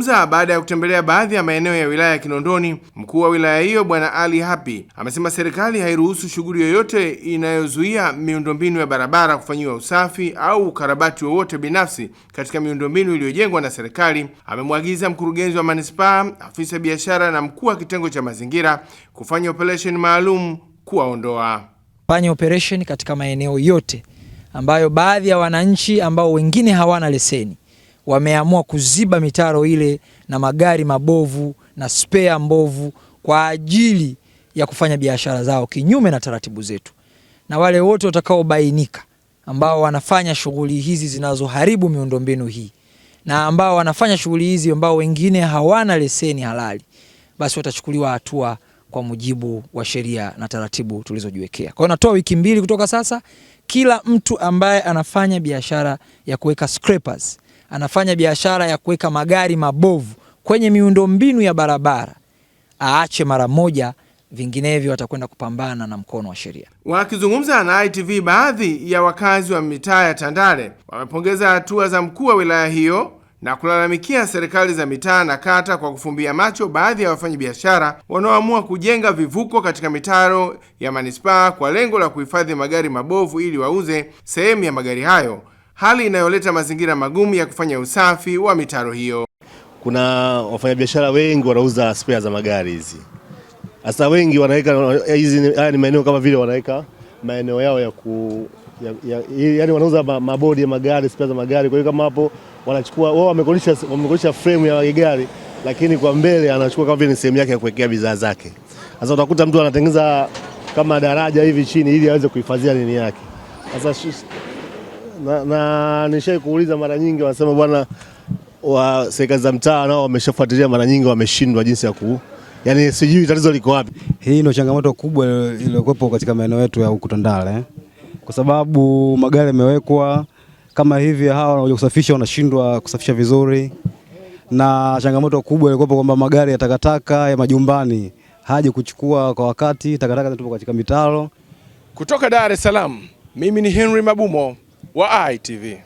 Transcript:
Mza baada ya kutembelea baadhi ya maeneo ya wilaya ya Kinondoni, mkuu wa wilaya hiyo Bwana Ali Hapi amesema serikali hairuhusu shughuli yoyote inayozuia miundombinu ya barabara kufanyiwa usafi au ukarabati wowote binafsi katika miundombinu iliyojengwa na serikali. Amemwagiza mkurugenzi wa manispaa, afisa biashara na mkuu wa kitengo cha mazingira kufanya operesheni maalum kuwaondoa. Fanya operesheni katika maeneo yote ambayo baadhi ya wananchi ambao wengine hawana leseni wameamua kuziba mitaro ile na magari mabovu na spea mbovu kwa ajili ya kufanya biashara zao kinyume na taratibu zetu. Na wale wote watakaobainika ambao wanafanya shughuli hizi zinazoharibu miundombinu hii na ambao wanafanya shughuli hizi ambao wengine hawana leseni halali, basi watachukuliwa hatua kwa mujibu wa sheria na taratibu tulizojiwekea. Kwa hiyo natoa wiki mbili kutoka sasa, kila mtu ambaye anafanya biashara ya kuweka scrapers anafanya biashara ya kuweka magari mabovu kwenye miundombinu ya barabara aache mara moja, vinginevyo watakwenda kupambana na mkono wa sheria. Wakizungumza na ITV, baadhi ya wakazi wa mitaa ya Tandale wamepongeza hatua za mkuu wa wilaya hiyo na kulalamikia serikali za mitaa na kata kwa kufumbia macho baadhi ya wafanyabiashara wanaoamua kujenga vivuko katika mitaro ya manispaa kwa lengo la kuhifadhi magari mabovu ili wauze sehemu ya magari hayo hali inayoleta mazingira magumu ya kufanya usafi wa mitaro hiyo. Kuna wafanyabiashara wengi wanauza spare za magari hizi, hasa wengi wanaweka hizi. Haya ni maeneo kama vile wanaweka maeneo yao ya ku ya, ya, yani wanauza mabodi ya magari, spare za magari. Kwa hiyo kama hapo wanachukua wao, wamekodisha wamekodisha frame ya gari, lakini kwa mbele anachukua kama vile ni sehemu yake ya kuwekea bidhaa zake. Sasa utakuta mtu anatengeneza kama daraja hivi chini ili aweze kuhifadhia nini yake. Sasa na, na nishai kuuliza mara nyingi, wanasema bwana wa serikali za mtaa nao wameshafuatilia mara nyingi, wameshindwa jinsi ya ku yani, sijui tatizo liko wapi. Hii ndio changamoto kubwa iliyokuwepo katika maeneo yetu ya huku Tandale, eh. kwa sababu magari yamewekwa kama hivi, hawa wanakuja kusafisha wanashindwa kusafisha vizuri, na changamoto kubwa ilikuwepo kwamba magari ya takataka ya majumbani haje kuchukua kwa wakati, takataka zitupo katika mitaro. Kutoka Dar es Salaam, mimi ni Henry Mabumo wa ITV.